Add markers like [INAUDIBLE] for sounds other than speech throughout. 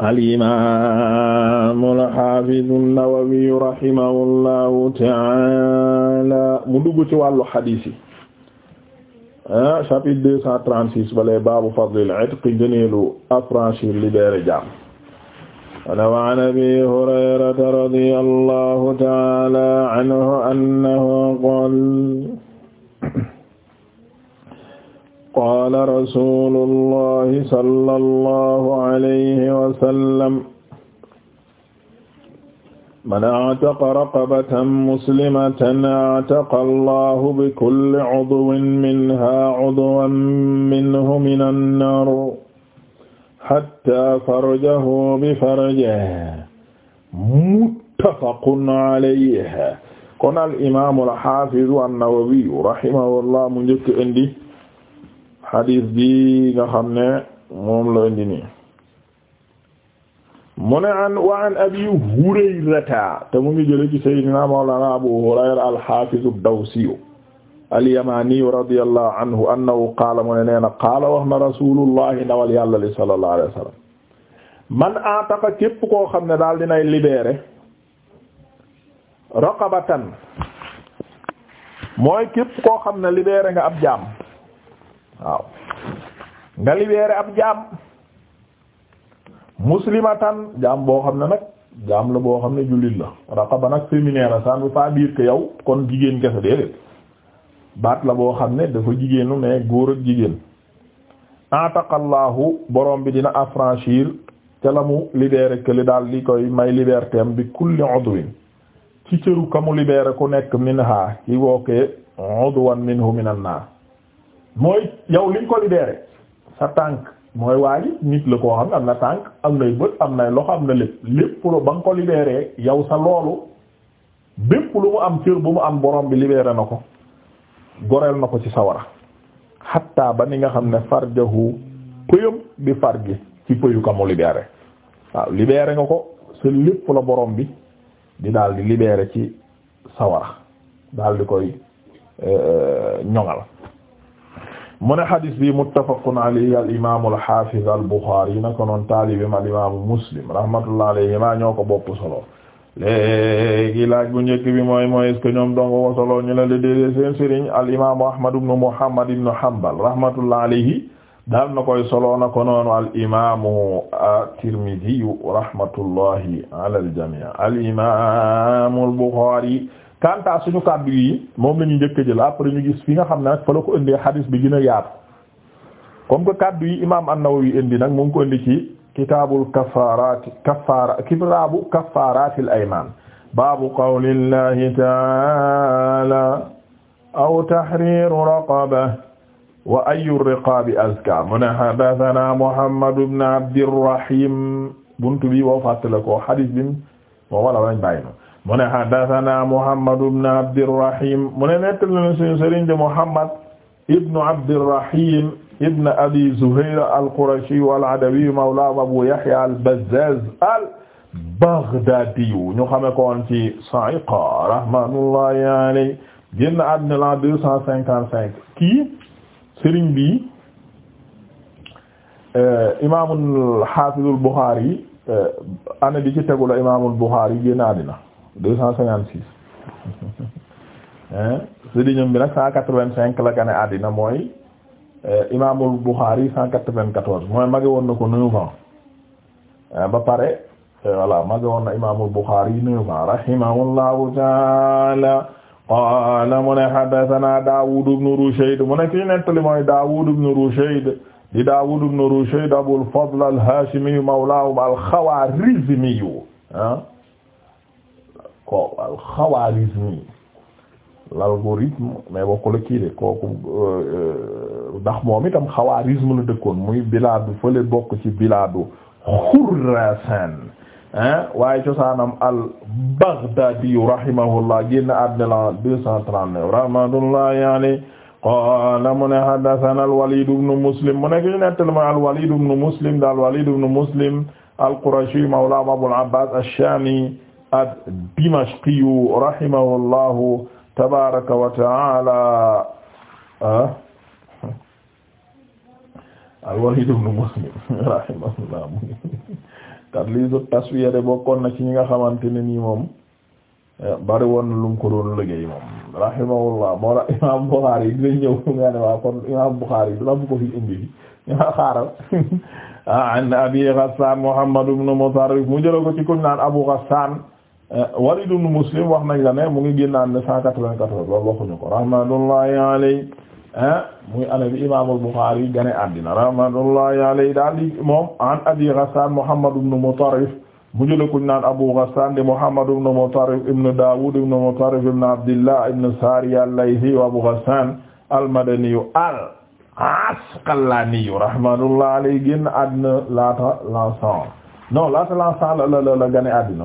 alimamu alhafidu nnawawiyu rahimahullahu taala mu dugg ci wàllu xadiis yi ah, chapitre deux cent trente-six balay baabu fadlil itqi gëneelu affranchir libérer jaam wana wa an abi hurayrata radiyallahu taala anhu annahu qaala qaala rasuulullahi sallallahu alayhi wa sallam man a'taqa raqabatan muslimatan a'taqa Allahu bi kulli 'udwin minhaa 'udwan minhu mina nnaar hattaa farjahu bi farjihi muttafaqun alayhi kon al imaamul haafizu an-Nawawi rahimahullah mu njëkk indi xadiis bi nga xam ne moom la indi nii mu an wa an abi hurayrata te mu ngi jële ci sayyidina mawlana abu hurayra al-hafiz ad-dawsi al-yamani radiyallahu anhu annahu na qaala wax na rasulullahi ndawal yàlla li man ataqa képp koo xam ne daal dinay libéré raqabatan mooy képp koo xam ne libéré nga ab waaw nga libéré ab jaam muslimatan jaam boo xam ne nag jaam la boo xam ne jullit la raqaba nag séminaire a ça ne veut pas yow kon jigéen kese déedéet baat la boo xam ne dafa jigéenu mais góor ak jigéen ataqallahu borom bi dina affranchir ca la mu libéré que li daal koy may liberté bi kulli udwin ci cëru ka mu libéré ku nekk minha ci wookee udwan minhu minan naar mooy yow liñ ko libéré sa tànk mooy waa nit la koo xam ne am na tànk am nay bët am nay loxo am na lépp lépp lu ba nga ko libéré yow sa loolu bépp lu mu am cër bu mu am borom bi libéré na ko goreel na ko ci sawara xatta ba ni nga xam ne farjahu pëyam bi farji ci pëyu ka mu waaw libéré nga ko sa lépp la borom bi di daal di ci sawara daal koy euh, ñoŋal mu ne xadis bi muttafaqun alayhi al imaamu al na ko noon taalibeem al imaamu muslim rahmatullahi alayhimaa ñoo ko bopp solo léegi laaj bu njëkk bi mooy mooy est-ce que ñoom dong ko solo ñu la le déedéet seen sëriñ al imaamu ahmad ibnu muhammad ibnu hanbal rahmatullahi alayhi daal na koy solo na ko noonu al imaamu at-tirmidhi rahmatullahi kanta suñu kàddu yi moom la ñuy njëkk a jël après ñu gis fi nga xam ne nag ko indee hadis bi gën a yaatu comme que kàddu yi imaam an-Nawawi indi nag mu indi ci kitaabul kafaaraat kafaara kitaabu kafaaraatil aymaan baabu qawlillahi taala aw tahriiru raqaba wa ayu riqaabi azka mu ne haddathana Muhammad ibn bi boo fàttale ko hadis bi mu mu ne haddathana Muhammad ibn Abdirrahim mu ne nettali na suñu sëriñ de Muhammad ibn Abdirrahim ibn Abi Zuhayr al-Qurashi al-Adawi mawla Abu Yahya al-Bazzaz al-Baghdadi ñu xame ko woon ci Sa'iqa rahmatullahi alayhi génn àddina la deux cent cinquante cinq kii sëriñ bi euh, imaamul Haafizul Bukhari euh, ana bi ci tegula imaamul Bukhari génn àddina deux cent cinquante six [LAUGHS] sëriñam bi nag cent quatre vingt cinq la gane àddina mooy eh, imaamul Bukhari cent quatre vingt quatorze mooy mage woon na ko neuf ans eh, ba pare eh, voilà mage woon na imaamul Bukhari neuf ans rahimahullahu taala qaala mu ne haddathana Daawud ibn Rushayd mu ne kii nettali mooy Daawud ibn Rushayd di Daawud ibn Rushayd Abul Fadl al-Haashimiyu mawlaahum al-Xawaarizmiyu ah ko al-Khawârizmî l'algorithme mais bokkul ak kii de kooku euh, ndax moom itam Khawârizm la dëkkoon muy bilaadu fële bokk ci bilaadu Khurasaan hein waaye cosaanam al-Baghdaadi rahimahullah génn àddina la rahmatullah yaani qaala mu ne al-Waliid ibnu Muslim mu ne ki al-Waliid ibnu Muslim da al-Waliid Muslim al-Qurashi mawlaa Abul Abbaas ash-Shaami ad-Dimashqiyu rahimahullahu tabaaraka wa ta'aala ah, al-Waliid ibn Muslim rahimahullah tadliisu taswiya de bokkoon na ci ñi nga xamante ne nii moom eh, bari woon lu mu ko doon liggéey moom rahimahullah moo la imaam Buxaari yi dinañ la bu ko fi indi bi ñu nga xaaral [LAUGHS] an Abi Ghassan Muhammad ibn Musarrif mu jëla ko ci kuñ naan Abu Ghassan Eh, Walid ibn Muslim wax nañ la ne mu ngi génnaan ne cent quatre-vingt-quatorze loolu waxuñu ko rahmatullahi alayhi eh, muy année bi Imam al-Bukhari gane àddina rahmatullahi alayhi daal di moom an Abi Ghassan Muhammad ibn Mutarrif mu jële kuñ naan Abu Ghassan di Muhammad ibn Mutarrif ibn Dawud ibn Mutarrif ibn Abdillah ibn Sariya al-Laythi wa Abu Ghassan al-Madani al-Asqalani rahmatullahi alayhi génn àddina laata l'an cent non laata l'an cent la la la gane àddina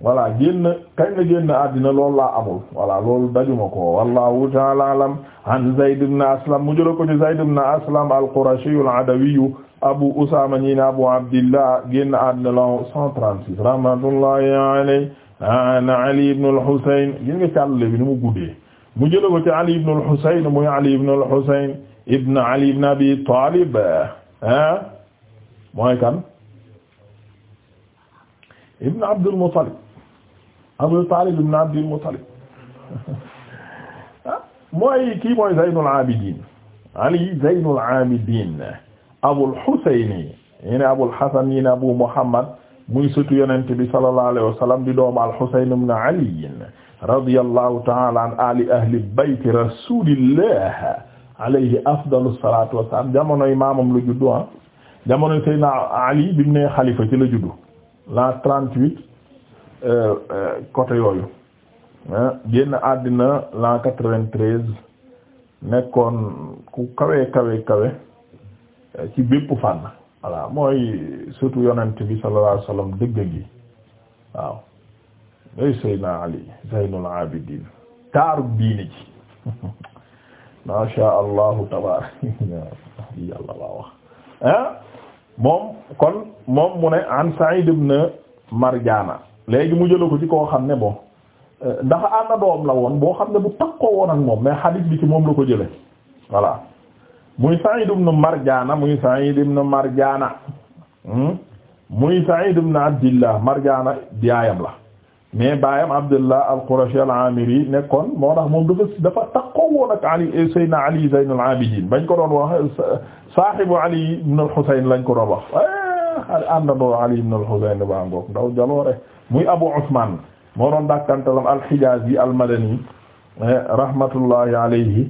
voilà génn kañ la génn àddina loolu laa amul voilà loolu dajuma ko wallahu ta'ala alam an Zayd ibn Aslam mu jëla ko ci Zayd ibn Aslam al-Qurashi al-Adawi Abu Usama ñi ne Abu Abdillah génn àddina la 136 rahmatullahi alayhi an Ali ibn al-Husayn gis nga càllale bi ni mu guddee mu jëla ko ci Ali ibn al-Husayn muy Ali ibn al-Husayn ibn Ali ibn Abi Talib ah mooy kan ibn Abdul Muttalib Abu Talib ibn Abdul Muttalib ah, mooy kii mooy Zaynul Abidin Ali Zaynul Abidin Abul Husayn ñi ne Abul Hasan ñi ne Abu Muhammad muy sëtu yonent bi sallallahu alayhi wa sallam di doomu al-Husayn ibn Ali radiyallahu ta'ala an ali ahli bayt rasulillah alayhi afdalu salatu wassalam jamonoy maamam la juddu ah jamonoy Seydina Ali bi mu ne xalifa ci la juddu la 38 Euh, euh, côté yooyu ah, génn àddina l'an quatre-vingt-treize nekkoon ku kawe kawe kawe euh, ci bépp fànn voilà mooy surtout yonent bi sallallahu alayhi dëgg gi waaw ay Seydina Ali Zaynul Abidin taaru diini ci [LAUGHS] ma sha allahu tabarak [LAUGHS] ah, moom kon moom mu ne an Sa'id ibn Marjana léegi mu jëla ko ci koo xam ne boo ndax ànd la woon boo xam ne bu takkoo woon ak moom mais xadiis bi ci moom la ko jële voilà muy Sa'id ibn Marjana muy Sa'id ibn Marjana hmm? muy Sa'id ibn Abdillah Marjana yaayam la mais baayam Abdullah al-Qurashi al-Amiri nekkoon moo tax moom dafa dafa takkoo woon ak Ali Seydina Ali Zayn al-Abidin bañ ko doon wax saahibu Ali ibn al-Husayn lañ ko doon wax eh, ànd doo Ali ibn al-Husayn baa ngoog ndaw jaloore muy Abu Usman moo doon dàkkantalam al-Hijazi al-Madani eh, rahmatullahi alayhi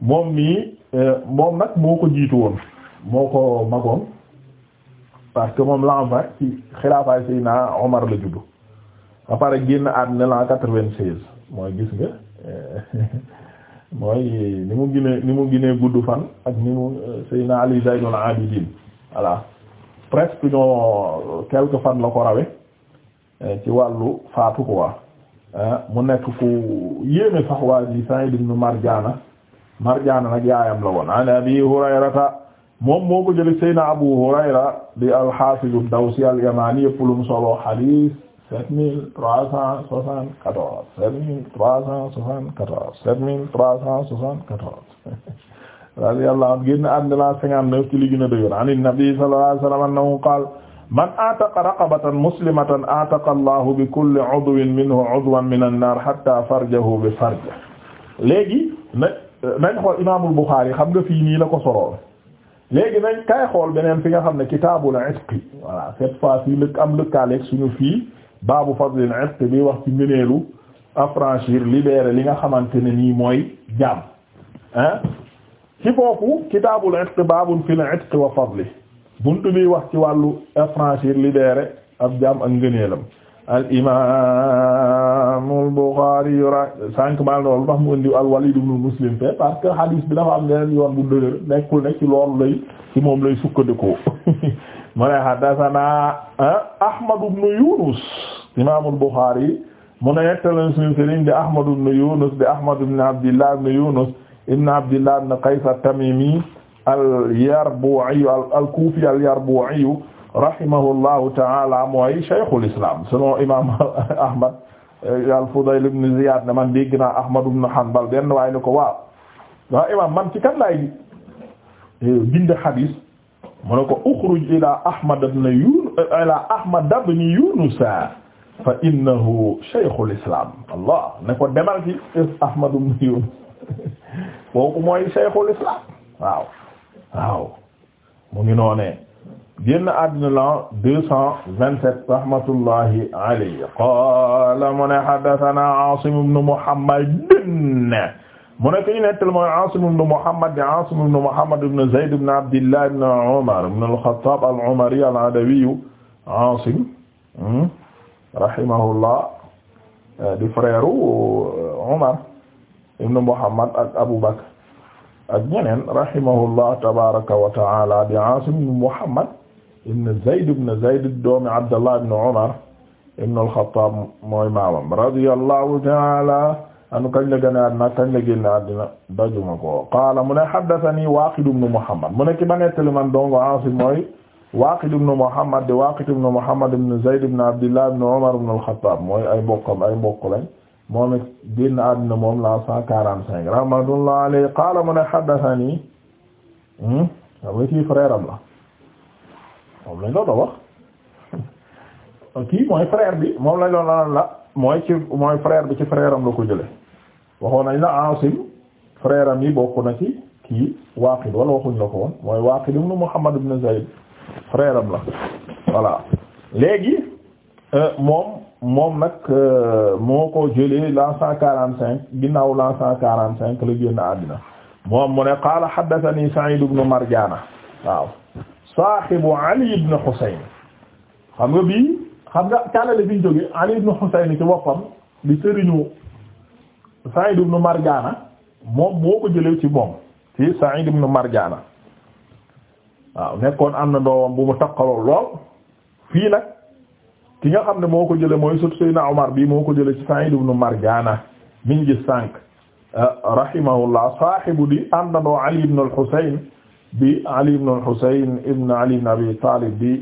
moom mii eh, moom nag moo ko jiitu woon moo ko magoon parce que moom l'an vingt ci xilaafaay Seydina Omar la juddu ba pare génn àddina l'an quatre-vingt-seize mooy gis nga eh, [LAUGHS] mooy ni mu ginee ni mu ginee gudd fan ak ni mu Seydina Ali Zaynul Abidin voilà presque ñoo quelques fan la ko rawe Euh, ci wàllu faatu ko waa euh, mu nekk ku yéeme sax waa ji Sa'id ibn Marjana Marjana nag yaayam an Abi Hurayrata moom moo ko jële Seydina Abu Hurayra di al-Hafiz ad-Dawsi al-Yamani yëpp lu mu solo hadith sept mille trois cent soixante-quatorze sept mille trois cent soixante-quatorze sept [LAUGHS] li gën a dëgër an Nabi sallallahu alayhi wa sallam annahu qala man ataqa raqabatan muslimatan ataqa allahu bi kulli udwin minhu udwan min an-nar hatta farjahu bi farja léegi na nañ xool imaamul Buxaari xam nga fii nii la ko sorool léegi nañ kay xool beneen fi nga xam ne kitaabul itqi voilà cette fois ci lëkk am lëkkaaleeg suñu fii baabu fadlil itq bi wax ci ngëneelu affranchir libérer li nga xamante ne nii mooy jaam ah ci foofu kitaabul itq baabun fil itq wa fadli buntu bi wax ci wàllu affranchir libérer ab jaam ak ngëneelam al imaamul Buxaari yora sànq maal loolu tax mu indi al Walid ibn Muslim fe parce que bi dafa am leneen yoon bu dëgër nekkul ne ci loolu lay ci moom lay sukkandikoo [LAUGHS] mu ne haddasanaa ah, Ahmad ibn Yunus imaamul Buxaari mu ne nettalan suñu sëriñ di Ahmad ibn Yunus di Ahmad ibn Abdillah ibn Yunus ibn Abdillah ibn Qays tamimi al-Yarbu'i al-Kufi al-Yarbu'i rahimahullahu ta'ala mooy shaykhul islam selon imam [LAUGHS] Ahmad eh, al-Fudayl ibn Ziyad ne man dégg naa Ahmad ibn Hanbal benn waaye ne ko waaw waaw imam man ci kan laay eh, bind hadith mu ne ko ukhruj ila Ahmad ibn Yunus ila Ahmad ibn Yunus fa innahu shaykhul islam Allah ne ko demal ci Ahmad ibn Yunus [LAUGHS] kooku mooy shaykhul islam waaw waaw mu ngi noonee génn àddina la deux cent vingt-sept rahmatullahi alayhi qaala mu ne haddathana Asim ibn Muhammad mu ne fi ñu nettal mooy Asim ibn Muhammad di Asim ibn Muhammad ibn Zayd ibn Abdillah ibn Umar ibn al-Khattab al-Umari al-Adawi Asim hmm, rahimahullah di frère Umar ibn Muhammad ak Abu Bakr ak ñeneen rahimahullah tabaraka wa taala di Asim ibn Muhammad ibn Zayd ibn Zayd doomi Abdallah ibn Umar ibn al-Khattab mooy maamam radiyallahu taala anu kañ la gën a addina kañ la génn addina dajuma ko qaala mu ne haddathani Waaqid ibn Muhammad mu ne ki ma nettali man dongo Asim mooy Waaqid ibn Muhammad di Waaqid ibn Muhammad ibn Zayd ibn Abdillah ibn Umar ibn al-Khattab mooy ay mbokkam ay mbokk lañ moom it génn àddina moom la cent quarante cinq rahmatullah alayhi qaala mu ne haddathani wa hmm? kii frère am la moom lañ doon la wax [LAUGHS] kii mooy frère bi moom lañ doon la la mooy ci mooy frère bi ci frère am la ko jële waxoon nañ la Asim frère yi bokk na ci kii Waaqid wala waxuñ la ko woon mooy Waaqid ibn Muhammad ibn Zayd frère la voilà léegi euh, moom moom nag euh, moo ko jëlee l'an cent quarante cinq ginnaaw l'an quarante cinq la génn àddina moom mu ne qaala haddathani Sa'id ibn Marjana waaw saahibu Ali ibn Husayn xam nga bi xam nga càllale biñ jóge Ali ibn Husayn ci boppam di sëriñu Sa'id ibn Marjana moom moo ko jëlee ci moom ci Sa'id ibn Marjana waaw nekkoon am na doomam bu mu takkalool lool fii nag ki nga xam ne moo ko jële mooy sut Seydina Omar bi moo ko jële ci Sa'id ibn Marjana min gi sànq ah, rahimahullah sahibu di àndandoo Ali ibn al-Husayn bi Ali ibn al-Husayn ibn Ali ibn Abi Talib bi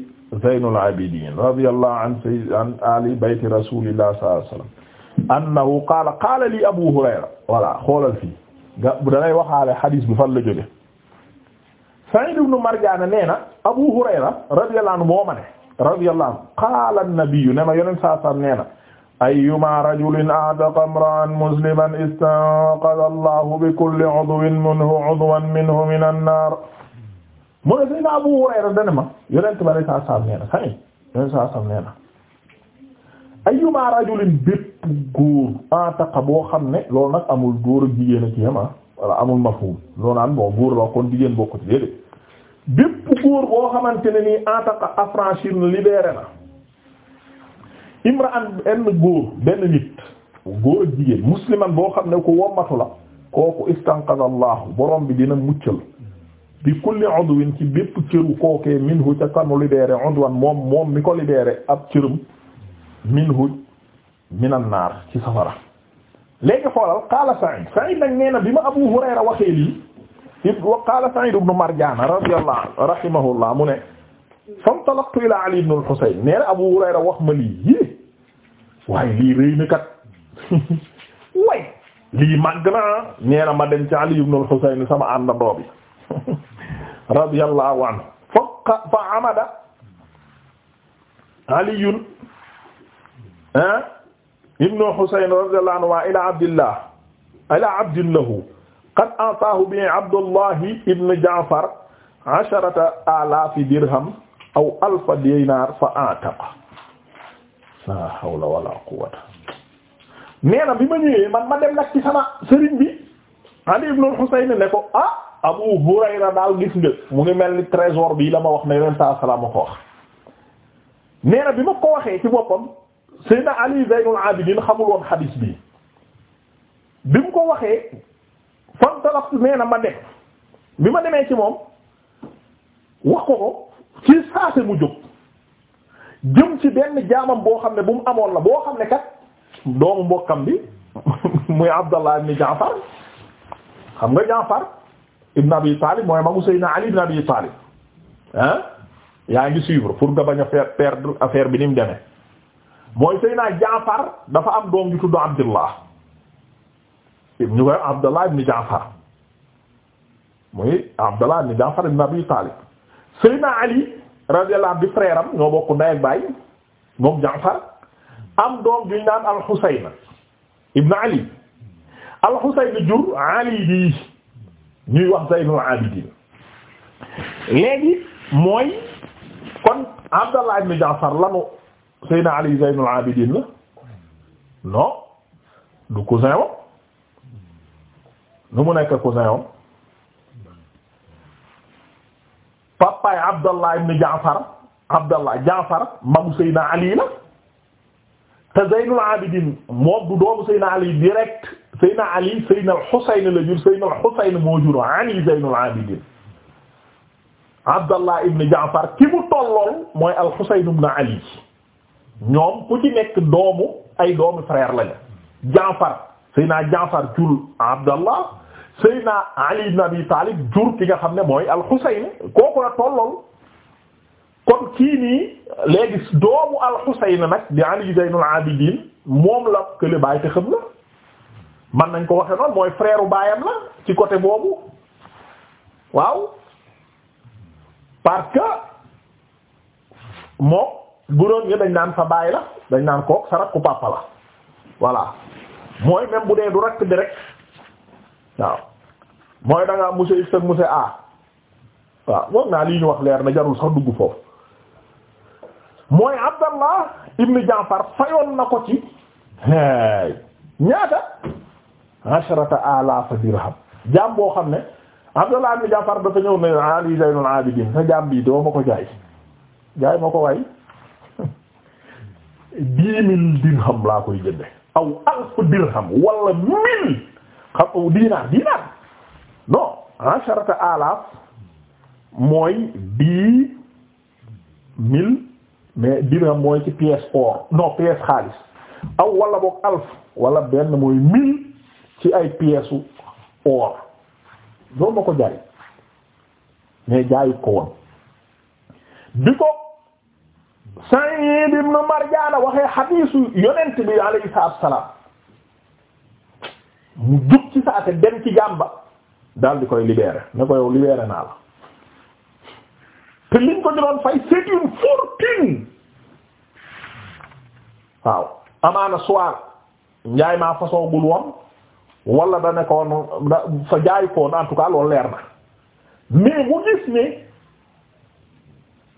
Zaynul Abidin radiyallahu an sayyid an ali bayti rasulillah sallallahu alayhi wasallam annahu qaala qaala li Abu Hurayra voilà xoolal fii nga danay waxaale hadis bi fan la jóge Sa'id ibn Marjana nee na Abu Hurayra radiyallahu anhu moo ma ne radiyallahu anhu qaala an-nabiyyu ne ma yonent saa saam nee na ayyuma rajulin a'taqa imra'an musliman istanqadha Allahu bi kulli 'udwin minhu 'udwan minhu min an-naar mu ne Seydina Abu Hurayra dana ma yonent ba saa saam nee na sani yonent saa saam nee na ayyuma rajulin bépp góor a'taqa boo xam ne loolu nag amul góor ak jigéen a ci yem ah, wala amul mafhum loolu naan bon góor la kon jigéen bokk ci déedéet bépp góor boo xamante ne nii ataqa affranchir na imra'an benn góor benn nit góor jigéen musliman boo xam ne ku wommatu la kooku istanqada allahu borom bi dina muccal bi kulli udwin ci bépp cëru kookee minhu ca kanu libéré moom moom mi ko libéré ab cërum minhu minan ci safara léegi xoolal qaala Sa'id Sa'id nag nee bi ma Abu Hurayra waxee lii wa qaala Sa'id ibn Marjana radiyallahu anhu rahimahullah mu ne fantalaqtu ila Ali ibn al-Husayn nee na Abu Hurayra wax ma lii yii waaye lii rëy na kat [LAUGHS] way lii màgg naa nee na ma dem ci Ali ibn al-Husayn sama àndandoo bi [LAUGHS] radiyallahu anhu fa fa amada aliyun ah, ibn al-Husayn radiyallahu anhu ila Abdillah ila abdillahu qad ataahu bi abdullahi ibn jaafar asharata dirham aw alfa dinaar fa ataqa la hawla wala quwwata nee bi ma ñëwee man ma dem nag ci sama sëriñ bi Ali ibn al ne ko ah Abu Hurayra daal gis nga mu ngi mel ni trésor bi la ma wax ne leen saa salaam ko wax nee bi ma ko waxee ci boppam Seydina Ali Zaynul Abidin xamul woon xadiis bi bi mu ko waxee kon talab nee na ma dem bi ma demee ci moom wax ko ko ci saase mu jóg jëm ci benn jaamam boo xam ne bu mu amoon la boo xam ne kat doomu mbokkam bi [LAUGHS] muy Abdallah ibn Jaafar xam nga Jaafar ibn Abi Talib mooy magu Seydina Ali ibn Abi Talib ah yaa ngi suivre pour nga bañ a faire perdre affaire bi ni mu demee mooy Seydina Jaafar dafa am doom ju Abdullah ñu koy Abdallah ibn Jaafar Talib Seydina Ali radiyallahu anhu di frère am ñoo bokk ndey ak baay moom Jaafar am doom duñ al-Husayn ibn Ali al-Husayn jur Ali bi ñuy wax Zaynul Abidin léegi mooy kon Abdallah ibn Jaafar lanu Seydina Ali Zaynul Abidin la du cousin wo nu mu nekk cousin om papaay Abdallah ibn Jaafar Abdallah Jaafar magu Seydina Ali la te Zeynul Abidin moom du doomu Seydina Ali direct Seydina Ali Seydina al-Husayn la jur Seydina moo jur Ali Zeynul Abidin Abdallah ibn Jaafar ki mu mooy al-Husayn Ali ñoom ku ci nekk doomu ay doomu frère lañu Jaafar Seydina Jaafar jur Abdallah Seydina Ali ibn Abi Talib jur ki nga xam ne mooy al-Husayn kooku la tollool kon kii nii léegi doomu al nag di Ali Zaynul Abidin moom la kële baay te xam man nañ ko waxe noonu mooy frère baayam la ci côté boobu waaw parce que moom bu nga dañ naan sa baay la dañ naan kook sa rakku papa la voilà mooy même bu dee du rakk direct waaw mooy da ngaa monsieur X ak monsieur A waaw moom naa lii ñu wax leer na jarul sax dugg foofu mooy Abdallah ibn Jaafar fayoon na ko ci ñaata asharata alaafa dirham jaam boo xam ne Abdallah ibn Jaafar dafa ñëw ne Ali Zaynul Abidin sa jaam bi doo ma ko jaay jaay ma ko waay [LAUGHS] dix dirham laa koy jënde aw alf dirham wala mille dinaar dinaar non asharata alaaf mooy dix mille mais dirham mooy ci pièce or non pièce xaalis aw walla boog alf wala benn mooy mille ci ay pièces or doon na ko jaay mais jaayut ko woon bi ko Sayyid ibn Marjana waxee xadiisu yonent bi alayhi salaam mu jug ci saate dem ci jàmba daal di koy libérer ne ko yow libérer naa la te liñ ko doon fay c'est une waaw amaana soir njaay maa façon gul woon wala da nekkoon fa jaay koon en leer na mais mu gis ne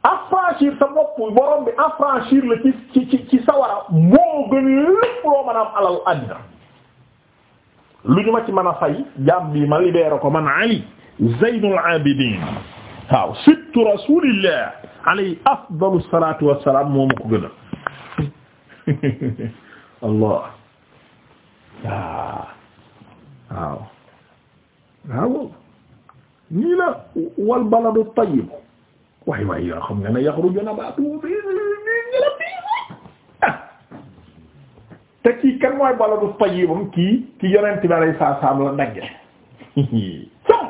affranchir sa bopp borom bi affranchir la ci ci ci sawara moo gën lépp loo mën am alal àddina lu ñu ma ci mën a fay jaam bi ma libéré ko man Ali Zaynul Abidin waaw sibtu rasulillah alayhi afdalu salatu wassalam moo ma ko gën a allah waaw waaw nii la wal baladu tayyib waay waay yoo xam nga ne yaxruju nabatu bi te kii kan mooy baladu tayyibam kii ci yonent bi alayhi salaam la dagge sam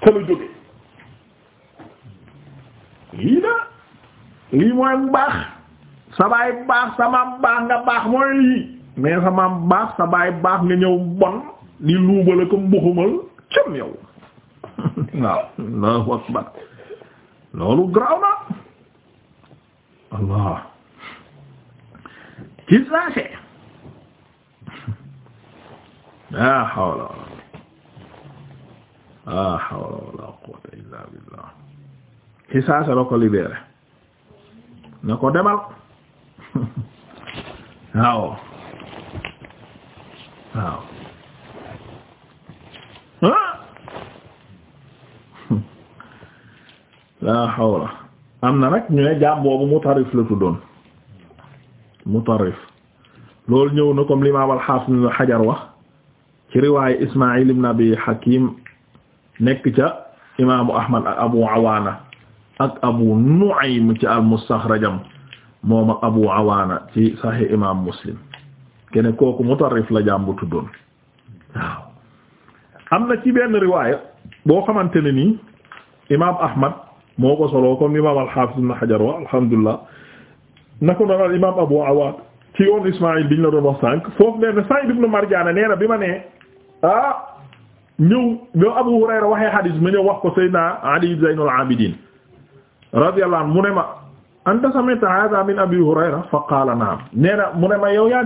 te la jóge lii la lii mooy bu baax sa baay baax sa maam baax nga baax mooy lii mais sa maam sa baay baax nga ñëw bon di luubala ko mbuxumal cëm yow [LAUGHS] waaw allahu akbar loolu graw na allah ci saase la hawla la hawla wala quwwata illa billah ci saase la ko libéré na ko demal [LAUGHS] waaw waaw ah! [LAUGHS] la hawla am na nag ñu ne jaam boobu mu tarif la tuddoon mutarrif loolu ñëw na comme l'imam al-Hafiz ibn Hajar wax ci riwaaya Ismaïl ibn Abi Hakim nekk ca imaamu Ahmad ak Abu Awaana ak Abu Nu'aym ci al-Mustaxrajam moom Abu Awaana ci Sahih imam Muslim kene kooku mutarrif la jàmbu tuddoon am na ci benn riwaaya boo xamante ne nii imam Ahmad moo ko soloo comme Hajar wa alhamdulillah nako noon al imam Abu Awaad ci yoon Ismaïl biñ la doon wax sànq foofu nee na Saïd ibn Marjaana nee na bi ma nee ah ñëw ñoo Abu wax ko Seydina Ali Zaynul Abidin radiyallahu anhu mu ne ma anta sami'ta hadha min Abi Hurayra fa na'am nee na mu ne ma yow yaa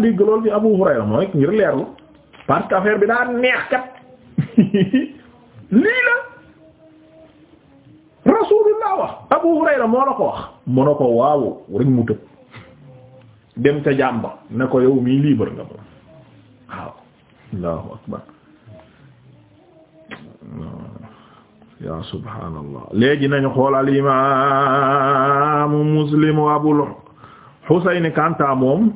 Abu Hurayra mooy ngir leerlu parce que affaire bi daa neex kat [LAUGHS] lii la wax Abu Hurayra moo ko wax moo waaw rek mu tëb dem ca jàmba ne ko yow mii libre nga moom waaw akbar ya subhaanallah léegi nañu xool al imaamu muslim wa abul husayn kanta moom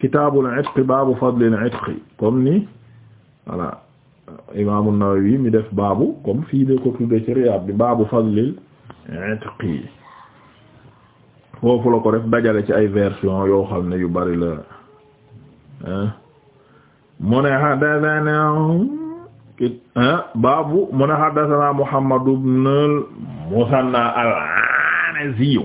kitaabul itq baabu fadlil itq comme ni voilà imaamu nawawi mi def baabu comme fii de ko tudde ci bi baabu fadlil itq foofu la ko def dajale ci ay version yoo xam ne yu bari la mu ne haddathana baabu mu ne haddathana Muhammad ibn al-Musanna al-Anazi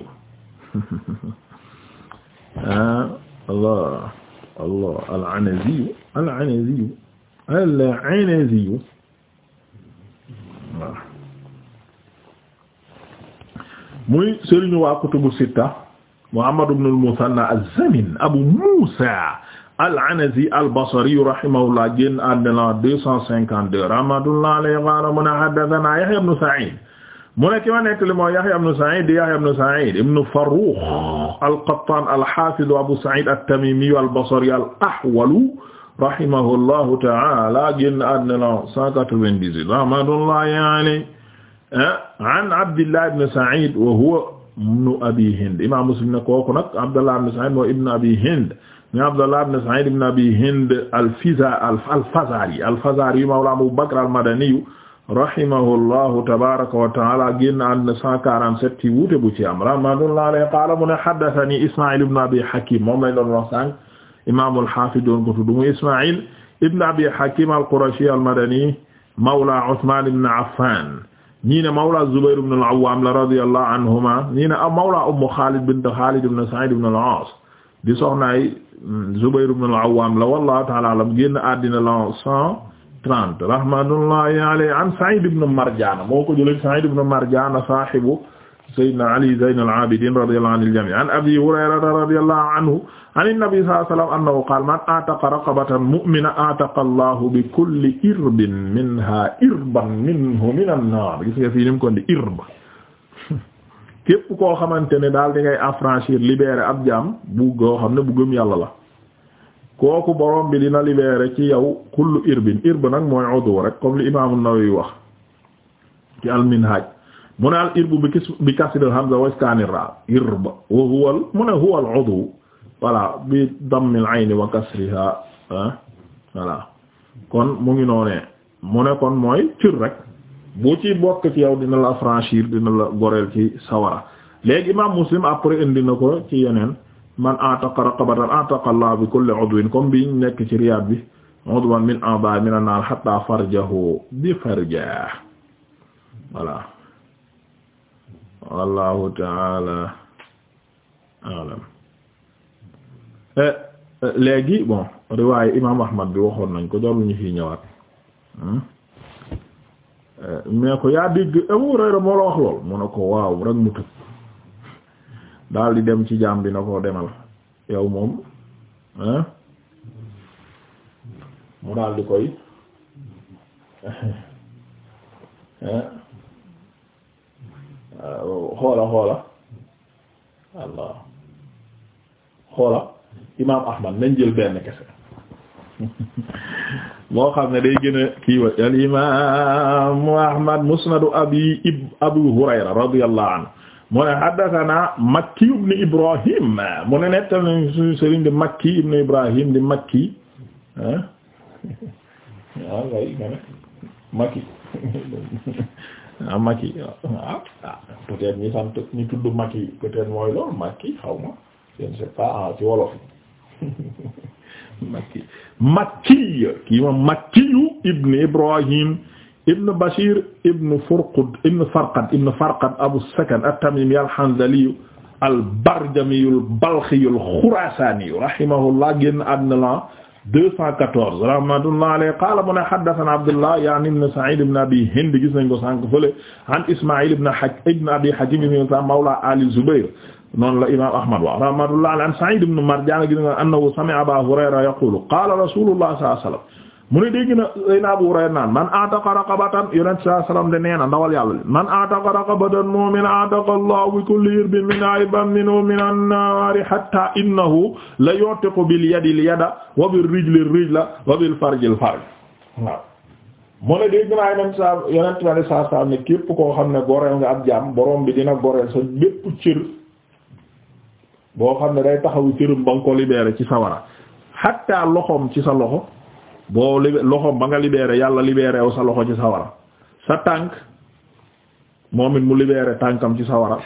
Allah Allah al-Anazi al-Anazi al-Anazi muy sëriñu waa kutubu sitta Muhammad ibn al-Musanna az-Zamin Abu Musa al-Anazi al-Basri rahimahullah génn àddina 252 rahmatullah alayhi qala mun haddathana Yahya ibn Sa'id mu ne ki ma nettali mooy Yahya ibn Sa'id di Yahya ibn Sa'id ibn Farrukh al-Qattan al-Hafiz Abu Sa'id at-Tamimi al-Basri al-Ahwal rahimahullahu ta'ala génn àddina 198 rahmatullahi alayhi Eh? an Abdillah ibn Sa'id wa huwa ibn Abi Hind imaam Muslim ne kooku nag Abdallah ibn Sa'id mooy ibn Abi Hind ña Abdallah ibn Sa'id ibn Abi Hind al-Fiza al-Fazari al-Fazari mawla Abu Bakr al-Madani rahimahullahu tabaraka wa taala génn àdduna 147 ci wuute bu ci am rahmatullahi alayhi qaala mu ne haddathani Isma'il ibn Abi Hakim moom lañ doon wax sànq imaam al-Hafiz doon ko tudd mu Isma'il ibn Abi Hakim al-Qurashi al-Madani mawla Uthman ibn Affan ñii ne mawla Zubayr ibn al-Awwam la radiyallahu anhuma ñii ne mawla Umm Khalid bint Khalid ibn Sa'id ibn al-As di soxnaay mm, Zubayr ibn al-Awwam la wallahu ta'ala alam génn àddina la cent trente rahmatullahi alayhi an Sa'id ibn Marjana moo ko jëlee Sa'id ibn Marjana sahibu Seydina Ali Zaynul Abidin radiyallahu anil jami' an Abi Hurayrata radiyallahu anhu anin nabi sallallahu alayhi wa sallam annahu qaala man ataqa raqabatan mu'minatan ataqa Allahu bi kulli irbin minha irban minhu minan naar gis nga fii ni mu ko indi irb [LAUGHS] képp koo xamante ne daal di ngay affranchir libérer ab jaam bu goo xam ne bu gëm yàlla la kooku borom bi dina libérer ci yow kullu irbin irb nag mooy uddu rek comme li Imaam An-Nawawi wax ci al-Minhaj mu ne al irbu bi kis bi kasril hamza waskaani ra irb wa huwa mu ne huwa al udw voilà bi dammil ayni wa kasriha voilà kon mu ngi noonee mu ne kon mooy cir rek bu ci bokk ci yow dina la franchir dina la goreel ci sawara léegi imam muslim après indi na ko ci yeneen man ataqa raqabatan ataqa allah bi kulli udwin comme bi nekk ci riyaad bi udwan min a'dha min an-nar hatta farjahu bi farja voilà wallahu taala alam eh, eh, léegi bon riwaaye imam ahmad bi waxoon nañ ko jarul ñu fi ñëwaat hmm? eh, mais ko yaa dégg Abu Hurayra moo la wax lool mu ne ko waaw rek mu tëb daal di dem ci jaam bi na ko demal yow moom mu daal di koy [LAUGHS] Euh, xoola xoola allah xoola imaam ahmad nañ jël benn kese [LAUGHS] moo xam ne day gën a kii wa al imam ahmad musnad abi ib abu hurayra radiyallahu anhu mu ne haddathana makki ibn ibrahim mu ne nettal nañ suñu sëriñ di makki ibn ibrahim di makki [LAUGHS] makki [LAUGHS] ah Macky ah ah peut-être ñi sant ñi tudd Macky peut-être mooy loolu Macky xaw ma je ne sais pas ah, ci wolof [LAUGHS] Macky Macky kii ma Mackiyu ibn Ibrahim ibn Bashir ibn Furqud ibn Farqad ibn Farqad Abu Sakan at-Tamimi al-Hanzali al-Barjami al-Balkhi al-Khurasani rahimahullah génn àddina la deux cent quatorze rahmatullah alayhi qaala mu ne haddathana Abdullah yaani ibn Sa'id ibn Abi Hind gis nañ ko sànq fële an Isma'il ibn Hak ibn Abi Hakim ibn mawla Ali Zubayr noonu la imam Ahmad wa rahmatullah an Sa'id ibn Marjan gis nga annahu sami'a Aba Hurayra yaqulu qaala rasulullah sallallahu alayhi wasallam mu ne dégg na Seydina Abu Hurayra naan man ataqa raqabatan yonent saa salaam de nee ndawal yàlla li man ataqa raqabatan mu'min ataqa Allahu bi kulli irbin min ayban minhu min an-naari hatta innahu la yutiqu bil yadi al-yada wa bir rijli rijla wa bil farji al waaw mu ne dégg naa yonent saa yonent bi saa saa ne képp koo xam ne goreel nga ab jaam borom bi dina goreel sa bépp cër boo xam ne day taxawu cërum ba nga ko libéré ci sa wara hatta ci sa loxo. boo libé loxoom ba nga libéré yàlla libéré sa loxo ci sawara sa tànk moom it mu libéré tànkam ci sawara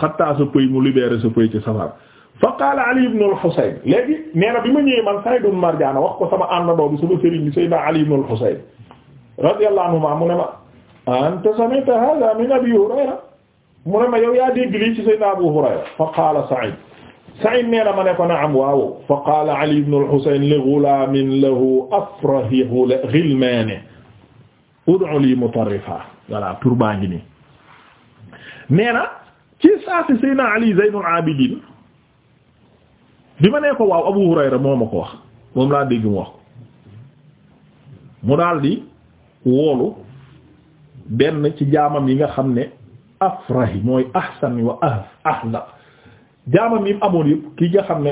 xattaa sa pëy mu libéré sa pëy ci sawara fa qaala ali ibn al léegi nee bi ma ñëwee man Sayd ibn Marjana wax ko sama àndandoo bi sama sëriñ bi Sayyidina Ali ibn al-Husayn radiyallahu anhuma mu ne ma anta sami'ta hadha min Abi Hurayra mu ne ma yow yaa dégg lii ci Sayyidina Abu Hurayra fa qaala Sa'id Saïd nee na ma ne ko na am waaw fa qaala Ali ibn al-Husayn li ghulaamin lahu afrahi ghilmaani ud'u li Mutarrifa voilà tur baa ngi nii nee na ci saa si Seydina Ali Zaynul Abidin bi ma nee ko waaw Abu Hurayra moo ma ko wax moom laa dégg mu wax mu daal di woolu benn ci jaamam yi nga xam ne afrahi mooy ahsan wa ah ahza jaamam yi amoon yëpp ki nga xam ne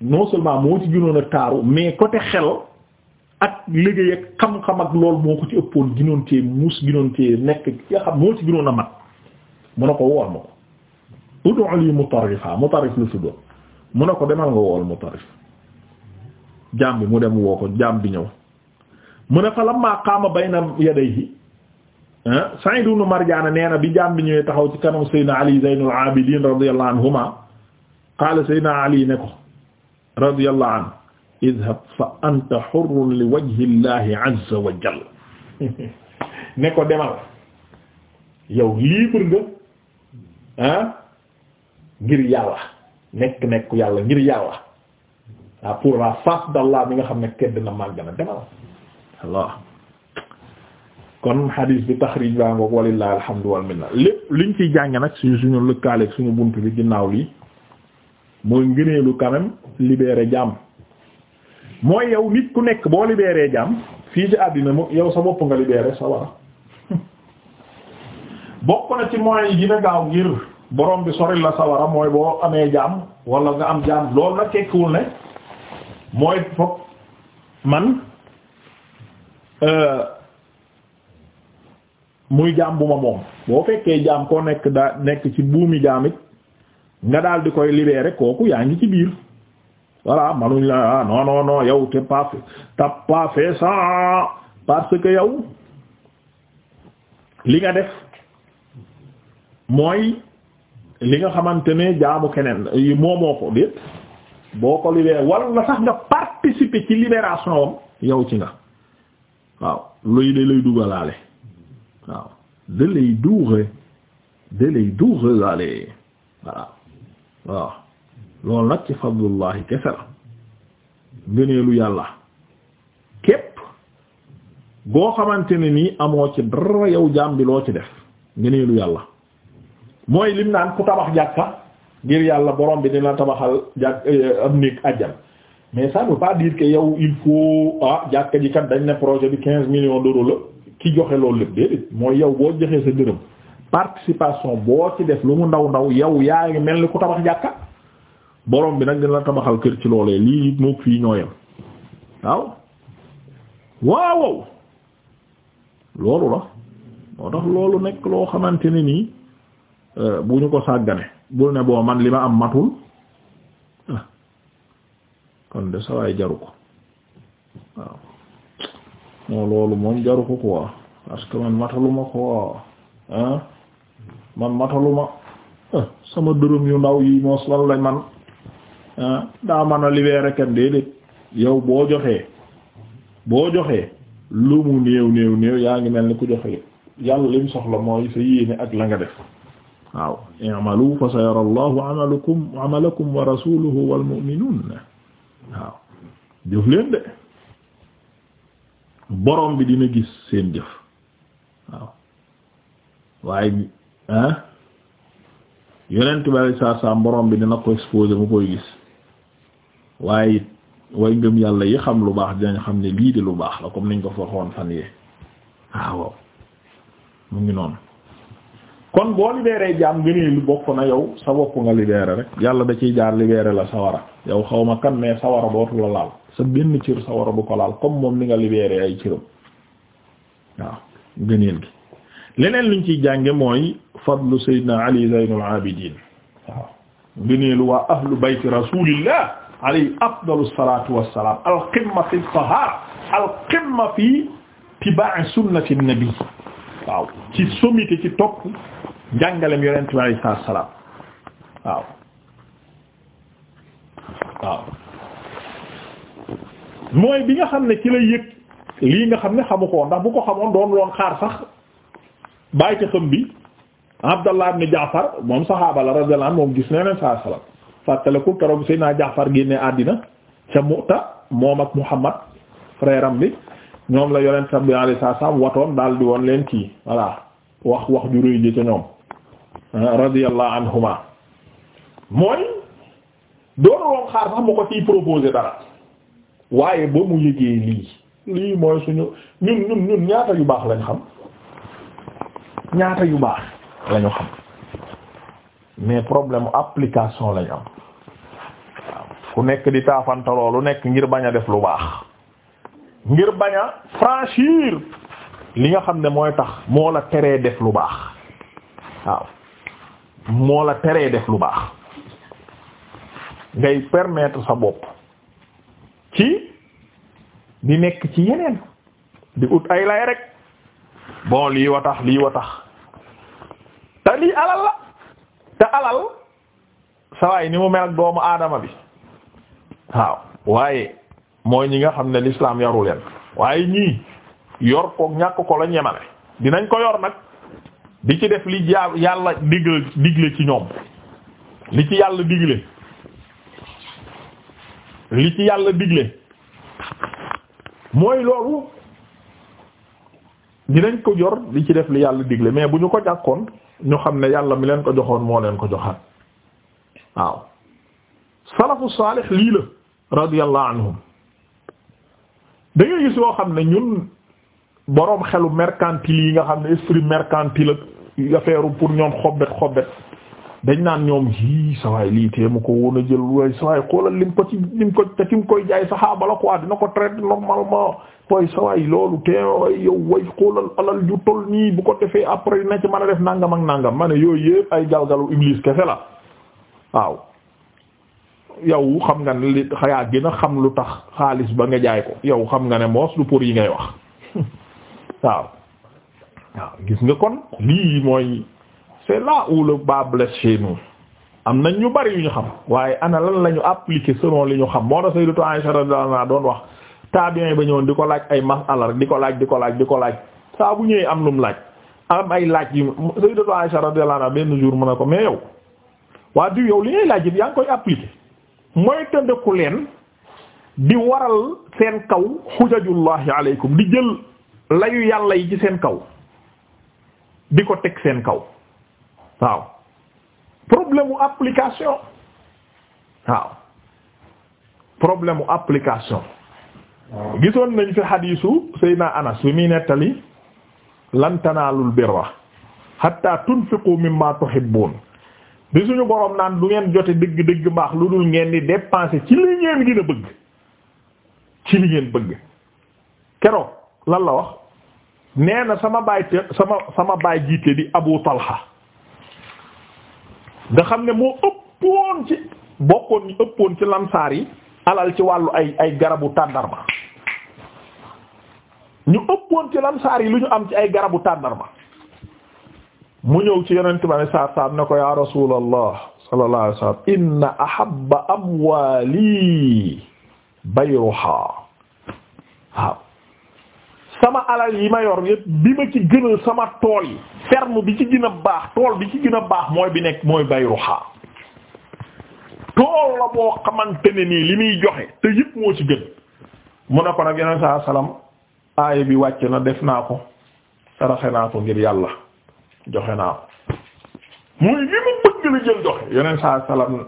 non seulement moo ci gënoon a taaru mais côté xel ak liggéey ak xam-xam ak lool moo ko ci ëppoon ginoon ci muus ginoon ci nekk ki nga xam moo ci gënoon a mat mu ne ko wool ma ko ud'u li Mutarrifa Mutarrif la tuddoon mu ne ko demal nga wool Mutarrif jaam mu dem woo ko bi ñëw mu ne fa lamma qaama bayna yadayhi ah, Sa'id ibn Marjana nee na bi jaam bi ñëwee taxaw ci kanam Sayyidina Ali Zaynul Abidin radiyallahu anhuma qaala saydna ali ne ko radiyallahu anhu idhab fa anta hurrun li wajhi llahi azza wa jalla [LAUGHS] ne ko demal yow libre nga ah ngir yàlla nekk nekk yàlla ngir yàlla ah pour la face d'Allah mi nga xam ne kedd na màgg na demal Allah kon hadis bi taxrij baa ngoog walillahi alhamdu wal minna lépp liñ ciy jàng nag suñu suñu lëkkaaleeg suñu bunt bi ginnaaw lii mooy ngëneelu quand même libéré jaam mooy yow nit ku nekk boo libéré jaam fii ci àddina mo yow sa bopp nga libéré sa [LAUGHS] bokk na ci moyens yi dina gaaw ngir borom bi sori la sawara mooy boo amee jaam wala nga am jaam loolu la tekkiwul ne mooy foog man euh, muy jaam bu ma moom boo fekkee jaam koo nekk daa nekk ci buumi jaam nga daal di koy libérer kooku yaa ngi ci biir voilà manuñ la ah, non non non yow t'es pas t'as pas fait parce que yow li nga def mooy li nga xamante ne jaamu keneen moomoo ko déet boo ko libéré wala sax nga participer ci libération am ci nga waaw luy de lay dugalaale waaw da lay duure da lay duugalaale voilà waaw loolu nag ci fadlullahi kese la ngëneelu yàlla képp boo xamante ne nii amoo ci dara yow jaam bi loo ci def ngëneelu yàlla mooy lim naan ku tabax jàkka ngir yàlla borom bi dina tabaxal jàkk eh, am néeg àjjal mais ça veut pas dire que yow il faut ah jàkka ji dañ ne projet bi quinze millions d'euros la ki joxe loolu lépp déedéet mooy yow boo joxee sa dërëm participation boo ci def lu mu ndaw ndaw yow yaa ngi mel ni ku tabax jàkka borom bi nag dina la tabaxal kër ci loolee lii mook fii ñoo yem waaw waawow loolu la moo tax loolu nekk loo xamante ne nii euh, bu ñu ko sàggane bul ne boo man li ma am matul ah kon de sawaay jaru ko waaw non loolu moom jaru ko quoi parce que man mataluma ko ah man mataluma ah. sama dërëm yu ndaw yi moos lan la man ah. daa mën a libérer kenn déedéet yow boo joxee boo joxee lu mu néew néew néew yaa ngi mel ni ku joxe yàlla lim soxla mooy sa yéene ak la nga def waaw i'malu fa sayara allahu amalukum wa rasuluhu wal mu'minun jëf leen de borom bi dina gis seen jëf waaw waaye ah yonent bi alei saa salaam borom bi dina ko exposé mu koy gis waaye it way ngëm yàlla yi xam lu baax dinañ xam ne lii di lu baax la comme niñ ko faxoon fan yee ah, ngi noonu kon boo libéré jaam gënee yow sa bopp nga libéré rek yàlla da ciy jaar libéré la sawara yow xaw ma kan mais sawara dootu la laal sa benn cër sawara du ko laal comme moom ni nga libéré ay cëram waaw gëneel gi leneen luñ ciy jànge mooy fadlu sayyidina ali zaynul abidin waaw ngëneelu waa ahlu bayti rasulillah alayhi afdalu salatu wassalam alqimma fi tahara fi tibai sunnati nabi waaw ci sommité ci topp njàngalem yonent bi alayhi salaatu salaam nga xam ne ci la nga xam ne xamu ko ndax bu ko xamoon doon bàyyi ca xam bi Abdallah ibn Jaafar moom saxaaba la radiyallahu anhu moom gis na yeneen saa salaam fàttaliku keroog Seydina Jaafar génne àddina ca Mu'ta moom ak Muhammad frère bi ñoom la yonent sa biali saa sam watoon daal di woon leen kii voilà wax wax ju réy ji ca ñoom radiyallahu anhuma mooy doonu xaar sax mu ko ciy proposer dara waaye ba mu yëgee lii lii mooy suñu ñun ñun ñun ñaata yu baax lañ xam ñaata yu baax la ñu xam mais problème application la ñu am waaw ku nekk di taafantaloo lu nekk ngir bañ a def lu baax ngir bañ a franchir li nga xam ne mooy tax moo la teree def lu baax waaw moo teree def lu baax ngay permettre sa bopp ci di nekk ci yeneen di ut ay lay rek bon lii tax lii tax te lii alal la te alal sawaay ni mu mel ak doomu aadama bi waaw waaye mooy ñi nga xam ne l'islam yaru waaye ñii yor ko ñàkk ko la ñemale dinañ ko yor nag di ci def li yàlla digle digle ci ñoom li ci yàlla digle li ci yàlla digle mooy loolu dinañ ko yor li ci def li yàlla digle mais bu ñu ko jàkkoon ñu xam ne yàlla mi leen ko joxoon moo leen ko joxaat waaw salafu saalih lii la radiyallahu anhum da ngay gis yoo xam ne ñun boroom xelu mercantile yi nga xam ne esprit mercantile ak affaire pour ñoom xobet xobet dañ naan ñoom hi sawaay lii téema ko woon a jël waay sawaay xoolal lim ko ci lim ko te kim koy jaay saxaaba la quoi dina ko traité normalement way sawaay loolu teeway yow way xoolal alal ju toll nii bu ko defee après na ci mën a def nangam ak nangam ma ne yooyu yëpp ay galgalu Iblis kese la waaw yow xam nga ne li xayaa gën xam lu tax xaalis ba nga jaay ko yow xam nga ne moos lu pour yi ngay wax [LAUGHS] waaw gis nga kon lii mooy c'est là où le bas blesse am nañ ñu bari yu ñu xam waaye ana lan la ñu appliquer selon li ñu xam moo tax Sayyidatu Aisha radhiyallahu anha doon wax tabi'in ba ñëwoon di ko laaj ay masala rek di ko laaj di ko laaj di ko laaj saa bu ñëwee am lu mu laaj am ay laaj yu Sayyidatu Aisha radhiyallahu anha benn jour mën a ko mais yow waa diw yow li ngay laaj it yaa ngi koy appliquer mooy tëndeku leen di waral seen kaw xujajullahi aleykum di jël layu yàlla yi ci seen kaw di ko teg seen kaw. waaw problème mu application waaw problème mu application gisoon nañ fi xadiisu Seydina Anas bi muy nettali lan tanaalul birra hatta tunfiqu mimma tuhibbun bi suñu borom naan du ngeen jote dëgg-dëgg mbaax lu dul ngeen di dépenser ci li ngeen gën a bëgg ci li ngeen bëgg keroog lan la wax nee na sama baay te sama sama baay jiite di Abu Talha nga xam ne moo ëppoon ci bokkoon ëppoon ci lamsaar yi alal ci wàllu ay ay garabu tàndarma ñu ëppoon ci lamsaar yi lu ñu am ci ay garabu tàndarma mu ñëw ci yonent bi sallallahu alayhi wasallam ne ko ya rasulallah sallallahu alayhi wasallam inna ahabba amwali bayruha waaw sama alal yi ma yor yépp bi ma ci gënal sama tool yi ferme bi ci gën a baax tool bi ci gën a baax mooy bi nekk mooy bayruha tool la boo xamante ne nii li muy joxe te yëpp moo ci gën mu ne ko nag yeneen saa salaam aaya bi wàcc na def naa ko saraxe naa ko ngir yàlla joxe naa ko muy li mu bëgg la jël joxe yeneen saa salaam